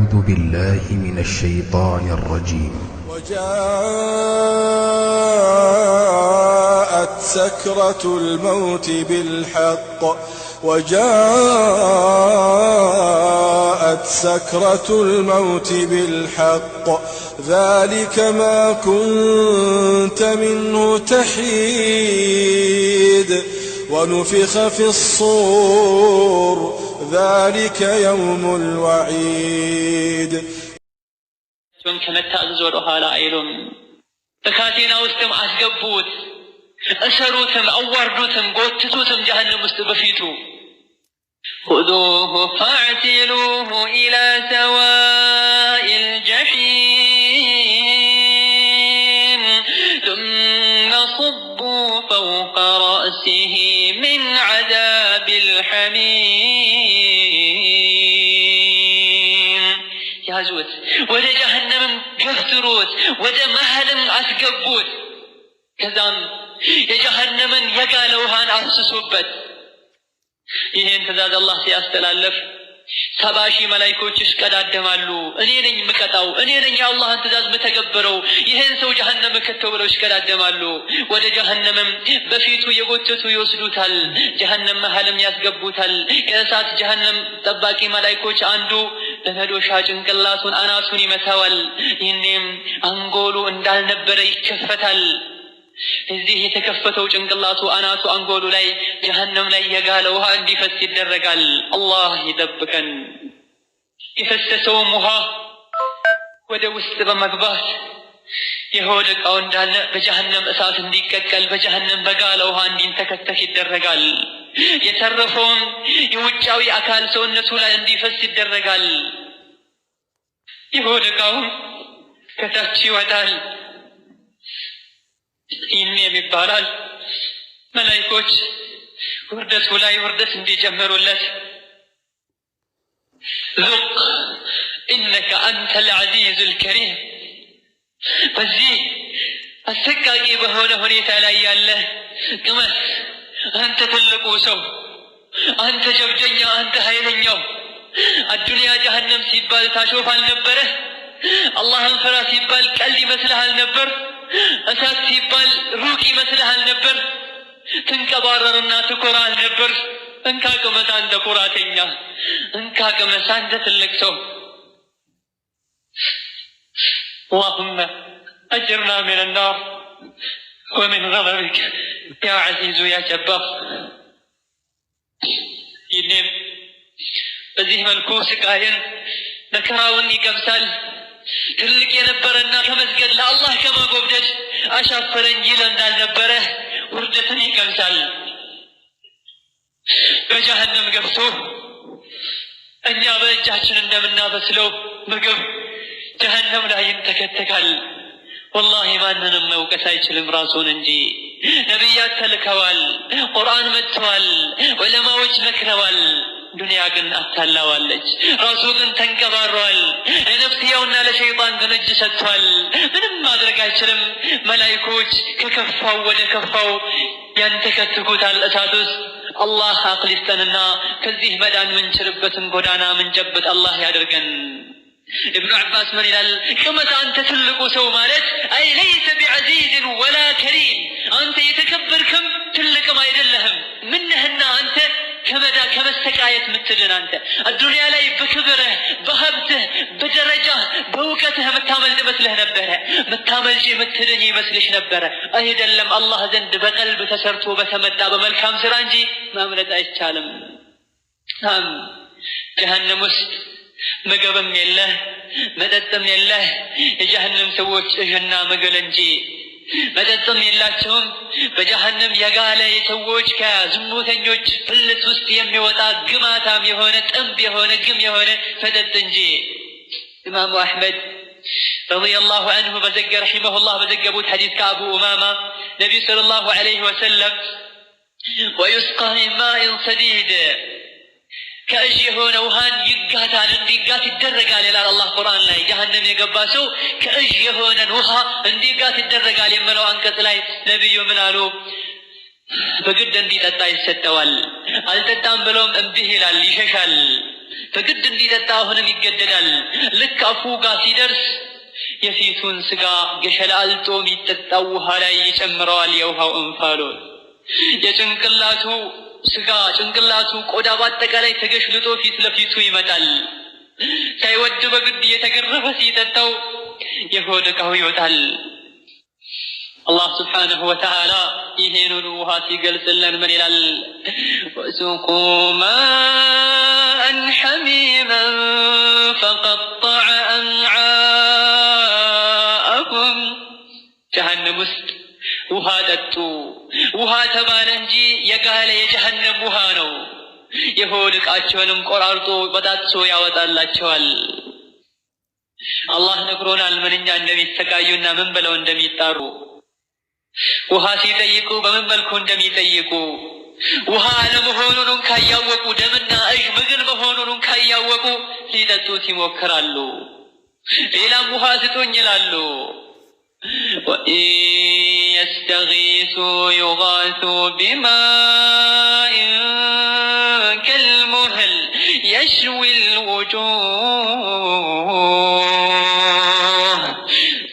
أعوذ بالله من الشيطان الرجيم وجاءت سكرة الموت بالحق وجاءت سكرة الموت بالحق ذلك ما كنت منه تحيد ونفخ في الصور ذلك يوم الوعيد من كمتا أزور أهالا أيلم تخاتين أوستم أسقبوت أسروتم أوردوتم قوتتوتم جهنم استبفيتو خذوه فاعتلوه إلى سواء الجحيم ثم صبوا فوق رأسه ወደ ጀሀነምም ገፍትሩት፣ ወደ መሀልም አስገቡት። ከዛም የጀሀነምን የጋለ ውሃን አፍስሱበት። ይህን ትእዛዝ አላህ ሲያስተላለፍ ሰባ ሺህ መላይኮች ይሽቀዳደማሉ። እኔ ነኝ የምቀጣው፣ እኔ ነኝ የአላህን ትእዛዝ የምተገብረው፣ ይህን ሰው ጀሀነም ከተው ብለው ይሽቀዳደማሉ። ወደ ጀሀነምም በፊቱ የጎተቱ ይወስዱታል፣ ጀሀነም መሀልም ያስገቡታል። ከእሳት ጀሀነም ጠባቂ መላይኮች አንዱ በመዶሻ ጭንቅላቱን አናቱን ይመታዋል። ይህኔም አንጎሉ እንዳልነበረ ይከፈታል። እዚህ የተከፈተው ጭንቅላቱ አናቱ አንጎሉ ላይ ጀሀነም ላይ የጋለ ውሃ እንዲፈስ ይደረጋል። አላህ ይጠብቀን። የፈሰሰውም ውሃ ወደ ውስጥ በመግባት የሆድ እቃው እንዳለ በጀሀነም እሳት እንዲቀቀል በጀሀነም በጋለ ውሃ እንዲንተከተክ ይደረጋል። የተረፈውም የውጫዊ አካል ሰውነቱ ላይ እንዲፈስ ይደረጋል። የሆድ ዕቃውም ከታች ይወጣል። ይህንም ይባላል መላይኮች ውርደቱ ላይ ውርደት እንዲጨምሩለት ዙቅ ኢነከ አንተ ልዐዚዙ ልከሪም በዚህ አሰቃቂ በሆነ ሁኔታ ላይ ያለ ቅመስ። አንተ ትልቁ ሰው፣ አንተ ጀብደኛ፣ አንተ ኃይለኛው አዱንያ ጀሀነም ሲባል ታሾፍ አልነበረ? አላህን ፍራ ሲባል ቀልድ ይመስልሃል ነበር? እሳት ሲባል ሩቅ ይመስልሃል ነበር? ትንቀባረርና ትኮራ አልነበር? እንካ ቅመስ አንተ ኩራተኛ፣ እንካ ቅመስ አንተ ትልቅ ሰው اللهم أجرنا من النار ومن غضبك يا عزيز يا جبار ينم بزيه ملكوس قاين نكرا وني كمسال تلك ينبر النار كمسجد لا الله كما قبدت أشار فرنجيلا دال نبره وردتني كمسال بجهنم قبسوه أن يابا من النار بسلو مقبسوه ጀሀነም ላይ ይንተከተካል። ወላሂ ማንንም መውቀስ አይችልም ራሱን እንጂ። ነቢያት ተልከዋል፣ ቁርአን መጥተዋል፣ ዑለማዎች መክረዋል። ዱንያ ግን አታላዋለች። ራሱ ግን ተንቀባሯል። ለነፍስያውና ለሸይጣን ግን እጅ ሰጥቷል። ምንም ማድረግ አይችልም። መላይኮች ከከፋው ወደ ከፋው ያንተከትኩታል እሳት ውስጥ። አላህ አቅሊፍተንና ከዚህ መዳን ምንችልበትን ጎዳና ምንጨብጥ አላህ ያደርገን። እብኑ ዓባስ ምን ይላል? ቁመት አንተ ትልቁ ሰው ማለት አይ ለይሰ ቢዐዚዝን ወላ ከሪም፣ አንተ የተከበርክም ትልቅም አይደለህም። ምነህና አንተ ከመዳ ከመሰቃየት ምትድን አንተ አዱንያ ላይ በክብርህ በሀብትህ በደረጃህ በእውቀትህ የምታመልጥ ይመስልህ ነበረ። ምታመልጭ የምትድን ይመስልሽ ነበረ። አይደለም፣ አላህ ዘንድ በቀልብ ተሰርቶ በተመጣ በመልካም ስራ እንጂ ማምለጥ አይቻልም። ጀሀነም ውስጥ مقبم يالله مددتم يالله جهنم سووش اجهنا مقلنجي مددتم يالله تهم بجهنم يقال يسووش كا زموثن يوش فلت وستيم يوطا قماتام يهونة تنب يهونة قم يهونة فددتنجي امام احمد رضي الله عنه بزق رحمه الله بزق ابوت حديث كابو امامة نبي صلى الله عليه وسلم ويسقى من ماء صديده ከእጅ የሆነ ውሃን ይጋታል እንዲጋት ይደረጋል ይላል አላህ ቁርአን ላይ። ጀሀነም የገባ ሰው ከእጅ የሆነን ውሃ እንዲጋት ይደረጋል የሚለው አንቀጽ ላይ ነቢዩ ምን አሉ? በግድ እንዲጠጣ ይሰጠዋል። አልጠጣም ብሎም እምብህ ይላል፣ ይሸሻል። በግድ እንዲጠጣ አሁንም ይገደዳል። ልክ አፉ ጋር ሲደርስ የፊቱን ስጋ ገሸላልጦ የሚጠጣው ውሃ ላይ ይጨምረዋል የውሃው እንፋሎት የጭንቅላቱ ስጋ፣ ጭንቅላቱ፣ ቆዳ በአጠቃላይ ተገሽልጦ ፊት ለፊቱ ይመጣል። ሳይወድ በግድ እየተገረፈ ሲጠጣው የሆድ እቃው ይወጣል። አላህ ስብሓነሁ ወተዓላ ይሄንን ውሃ ሲገልጽልን ምን ይላል? ወሱቁ ማአን ሐሚመን ውሃ ተባለ እንጂ የጋለ የጀሃነም ውሃ ነው። የሆድ ዕቃቸውንም ቆራርጦ በጣጥሶ ያወጣላቸዋል። አላህ ነግሮናል ምንኛ እንደሚሰቃዩና ምን ብለው እንደሚጣሩ ውሃ ሲጠይቁ በምን መልኩ እንደሚጠይቁ ውሃ አለመሆኑን ካያወቁ ደምና እሽ ምግል መሆኑን ካያወቁ ሊጠጡት ይሞክራሉ። ሌላም ውሃ ስጡኝ ይላሉ። يستغيث يغاث بماء كالمهل يشوي الوجوه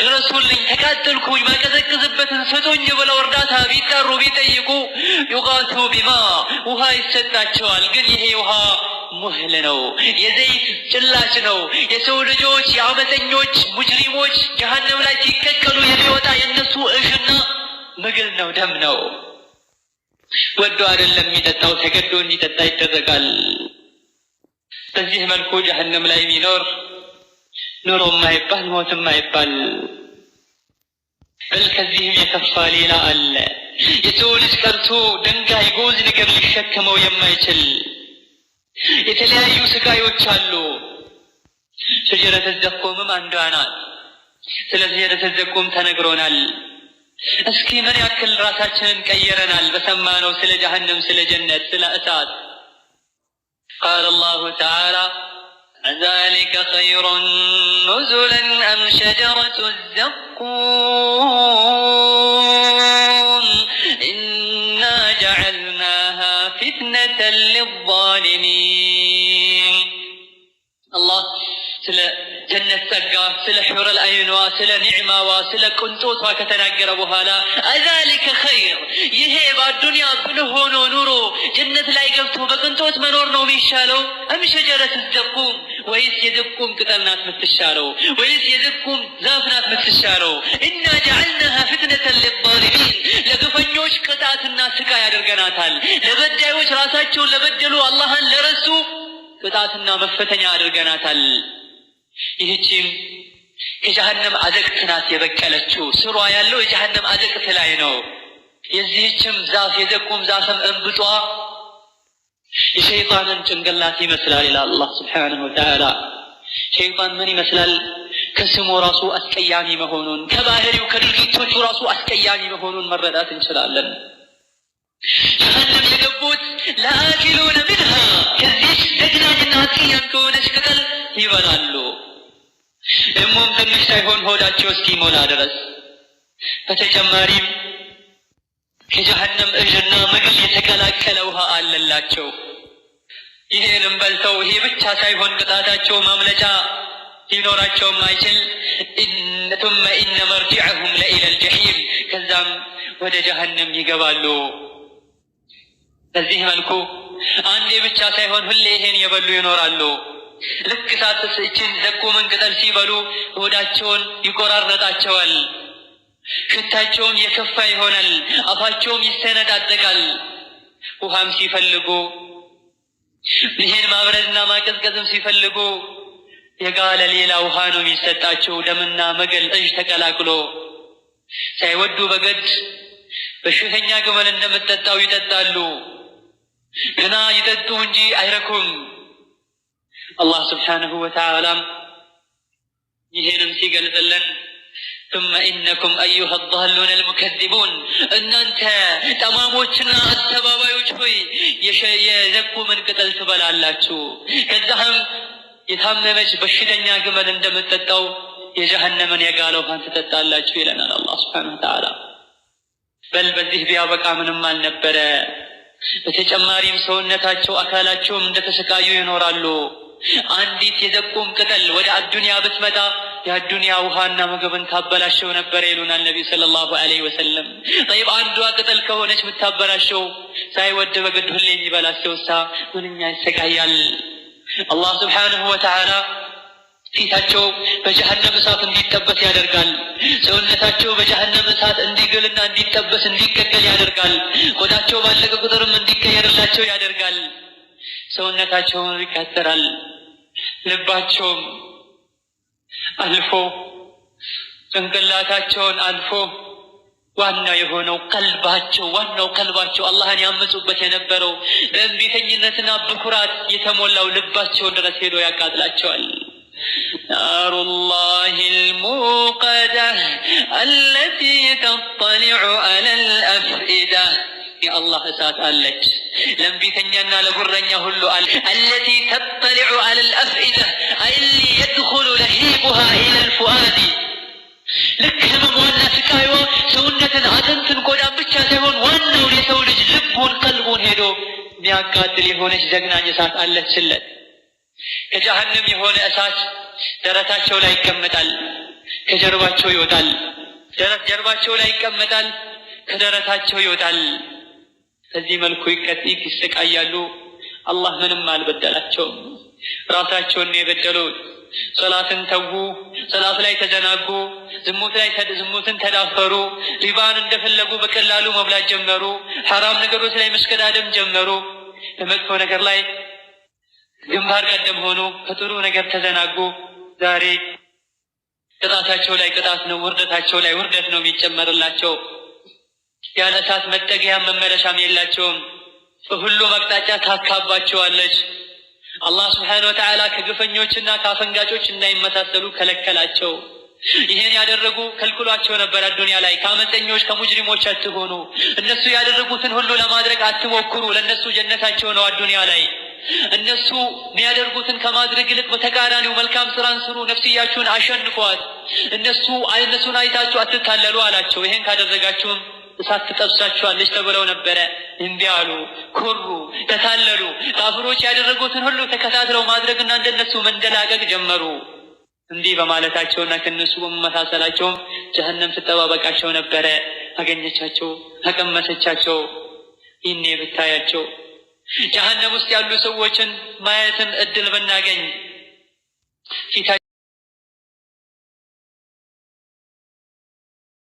ድረሱልኝ ተቃጠልኩኝ ማቀዘቅዝበትን ስጡኝ ብለው እርዳታ ቢጠሩ ቢጠይቁ ዩጋቱ ቢማ ውሃ ይሰጣቸዋል። ግን ይሄ ውሃ ሙህል ነው፣ የዘይት ጭላጭ ነው። የሰው ልጆች የአመፀኞች ሙጅሪሞች ጀሀነም ላይ ሲቀቀሉ የሚወጣ የእነሱ እሽና ምግል ነው፣ ደም ነው። ወዶ አይደለም የሚጠጣው፣ ተገዶ እንዲጠጣ ይደረጋል። በዚህ መልኩ ጀሀነም ላይ የሚኖር ኑሮ ማይባል ሞት ማይባል በል ከዚህም የከፋ ሌላ አለ። የሰው ልጅ ቀርቶ ድንጋይ ጎዝ ነገር ሊሸከመው የማይችል የተለያዩ ስቃዮች አሉ። ሸጀረተ ዘቁምም አንዷ ናት። ስለ ሸጀረተ ተነግሮናል። እስኪ ምን ያክል ራሳችንን ቀይረናል? በሰማነው ስለ ጀሀነም፣ ስለ ጀነት፣ ስለ እሳት ቃለ አላሁ ተዓላ ዛሊከ ኸይሩን ኑዙለን አም ሸጀረቱ ዘቁም ኢና ጀዐልናሃ ፊትነተን ሊዛሊሚን ስለ ሑረል አይኗ፣ ስለ ኒዕማዋ፣ ስለ ቅንጦቷ ከተናገረ በኋላ አዛሊከ ኸይር፣ ይሄ በአዱንያ ብልህ ሆኖ ኑሮ ጀነት ላይ ገብቶ በቅንጦት መኖር ነው የሚሻለው? አም ሸጀረት ዘቁም፣ ወይስ የዘቁም ቅጠል ናት ምትሻለው? ወይስ የዘቁም ዛፍ ናት ምትሻለው? እና ጀዓልናሃ ፍትነተን ሊዛሊሚን ለግፈኞች ቅጣትና ስቃይ ያደርገናታል። ለበዳዮች ራሳቸውን ለበደሉ አላህን ለረሱ ቅጣትና መፈተኛ አድርገናታል። ይህችም ከጀሃነም አዘቅት ናት የበቀለችው። ስሯ ያለው የጀሃነም አዘቅት ላይ ነው። የዚህችም ዛፍ የዘቁም ዛፍም እንብጧ የሸይጣንን ጭንቅላት ይመስላል ይላል አላህ ስብሓነሁ ወተዓላ። ሸይጣን ምን ይመስላል? ከስሙ ራሱ አስቀያሚ መሆኑን ከባህሪው ከድርጊቶቹ ራሱ አስቀያሚ መሆኑን መረዳት እንችላለን። ጀሃነም የገቡት ለአኪሉነ ምንሃ ከዚች ዘግናኝና አስቀያሚ ከሆነች ቅጠል ይበላሉ። ደግሞም ትንሽ ሳይሆን ሆዳቸው እስኪሞላ ድረስ በተጨማሪም ከጀሀነም እዥና መግል የተቀላቀለ ውሃ አለላቸው። ይሄንም በልተው ይሄ ብቻ ሳይሆን ቅጣታቸው ማምለጫ ሊኖራቸው ማይችል ቱመ ኢነ መርጅዐሁም ለኢለል ልጀሒም ከዛም ወደ ጀሀነም ይገባሉ። በዚህ መልኩ አንዴ ብቻ ሳይሆን ሁሌ ይሄን የበሉ ይኖራሉ። ልክ እሳት እችን ዘቁምን ቅጠል ሲበሉ ሆዳቸውን ይቆራረጣቸዋል። ሽታቸውም የከፋ ይሆናል። አፋቸውም ይሰነጣጠቃል። ውሃም ሲፈልጉ ይህን ማብረድና ማቀዝቀዝም ሲፈልጉ የጋለ ሌላ ውሃ ነው የሚሰጣቸው። ደምና መገል እጅ ተቀላቅሎ ሳይወዱ በገድ በሽተኛ ግመል እንደምጠጣው ይጠጣሉ። ግና ይጠጡ እንጂ አይረኩም። አላህ ስብሓንሁ ወተዓላም ይህንም ሲገልጽልን ثم إنكم أيها الضالون المكذبون እናንተ ጠማሞችና አስተባባዮች ሆይ የዘኩ ቅጠል ትበላላችሁ፣ ከዛህም የታመመች በሽተኛ ግመል እንደምትጠጣው የጀሀነምን የጋለ ውሃን ትጠጣላችሁ ይለናል አላህ ስብሓነሁ ወተዓላ። በል በዚህ ቢያበቃ ምንም አልነበረ። በተጨማሪም ሰውነታቸው አካላቸውም እንደተሰቃዩ ይኖራሉ። አንዲት የዘቁም ቅጠል ወደ አዱንያ ብትመጣ የአዱንያ ውሃና ምግብን ታበላሸው ነበር ይሉናል ነቢዩ ሰለላሁ ዐለይሂ ወሰለም። ጠይብ አንዷ ቅጠል ከሆነች የምታበላሸው ሳይወድ በግድ ሁሌ የሚበላቸው ሳ ምንኛ ይሰቃያል። አላህ ስብሓንሁ ወተዓላ ፊታቸው በጀሀነም እሳት እንዲጠበስ ያደርጋል። ሰውነታቸው በጀሀነም እሳት እንዲግልና እንዲጠበስ እንዲቀቀል ያደርጋል። ቆዳቸው ባለቀ ቁጥርም እንዲቀየርላቸው ያደርጋል። ሰውነታቸውን ይቃጠራል፣ ልባቸውም አልፎ ጭንቅላታቸውን አልፎ ዋና የሆነው ቀልባቸው ዋናው ቀልባቸው አላህን ያመፁበት የነበረው በእንቢተኝነትና በኩራት የተሞላው ልባቸውን ድረስ ሄዶ ያቃጥላቸዋል። ናሩላሂ ልሙቀዳ አለቲ ተጠሊዑ አለል አላህ እሳት አለች። ለእንቢተኛና ለጉረኛ ሁሉ አለቲ ተጠሊዑ አለል አፍኢዳ አይሊ የድኹሉ ለሂቡሃ ኢለል ፉአዲ ልክ ህመሟና ስቃይዋ ሰውነትን አጥንትን ቆዳን ብቻ ሳይሆን ዋናው የሰው ልጅ ልቡን ቀልቡን ሄዶ የሚያቃጥል የሆነች ዘግናኝ እሳት አለችለት። ከጀሀነም የሆነ እሳት ደረታቸው ላይ ይቀመጣል፣ ከጀርባቸው ይወጣል። ጀርባቸው ላይ ይቀመጣል፣ ከደረታቸው ይወጣል። በዚህ መልኩ ይሰቃያሉ። አላህ ምንም አልበደላቸውም። ራሳቸውን የበደሉ ሶላትን ተዉ፣ ሶላት ላይ ተዘናጉ፣ ዝሙት ላይ ዝሙትን ተዳፈሩ፣ ሪባን እንደፈለጉ በቀላሉ መብላት ጀመሩ፣ ሐራም ነገሮች ላይ መሽቀዳደም ጀመሩ። በመጥፎ ነገር ላይ ግንባር ቀደም ሆኑ፣ ከጥሩ ነገር ተዘናጉ። ዛሬ ቅጣታቸው ላይ ቅጣት ነው፣ ውርደታቸው ላይ ውርደት ነው የሚጨመርላቸው። ያለ እሳት መጠጊያም መመለሻም የላቸውም። በሁሉም አቅጣጫ ታካባቸዋለች። አላህ ስብሓነ ወተዓላ ከግፈኞችና ከአፈንጋጮች እንዳይመሳሰሉ ከለከላቸው። ይህን ያደረጉ ከልክሏቸው ነበር። አዱንያ ላይ ከአመፀኞች ከሙጅሪሞች አትሆኑ፣ እነሱ ያደረጉትን ሁሉ ለማድረግ አትሞክሩ። ለእነሱ ጀነታቸው ነው አዱንያ ላይ። እነሱ የሚያደርጉትን ከማድረግ ይልቅ በተቃራኒው መልካም ስራን ስሩ፣ ነፍስያችሁን አሸንፏት። እነሱ እነሱን አይታችሁ አትታለሉ አላቸው። ይህን ካደረጋችሁም እሳት ትጠብሳችኋለች ተብለው ነበረ። እምቢ አሉ፣ ኮሩ፣ ተታለሉ። ካፍሮች ያደረጉትን ሁሉ ተከታትለው ማድረግና እንደነሱ መንደላቀቅ ጀመሩ። እንዲህ በማለታቸውና ከነሱ በመመሳሰላቸውም ጀሀነም ትጠባበቃቸው ነበረ። አገኘቻቸው፣ አቀመሰቻቸው። ይኔ ብታያቸው ጀሀነም ውስጥ ያሉ ሰዎችን ማየትን እድል ብናገኝ ፊታ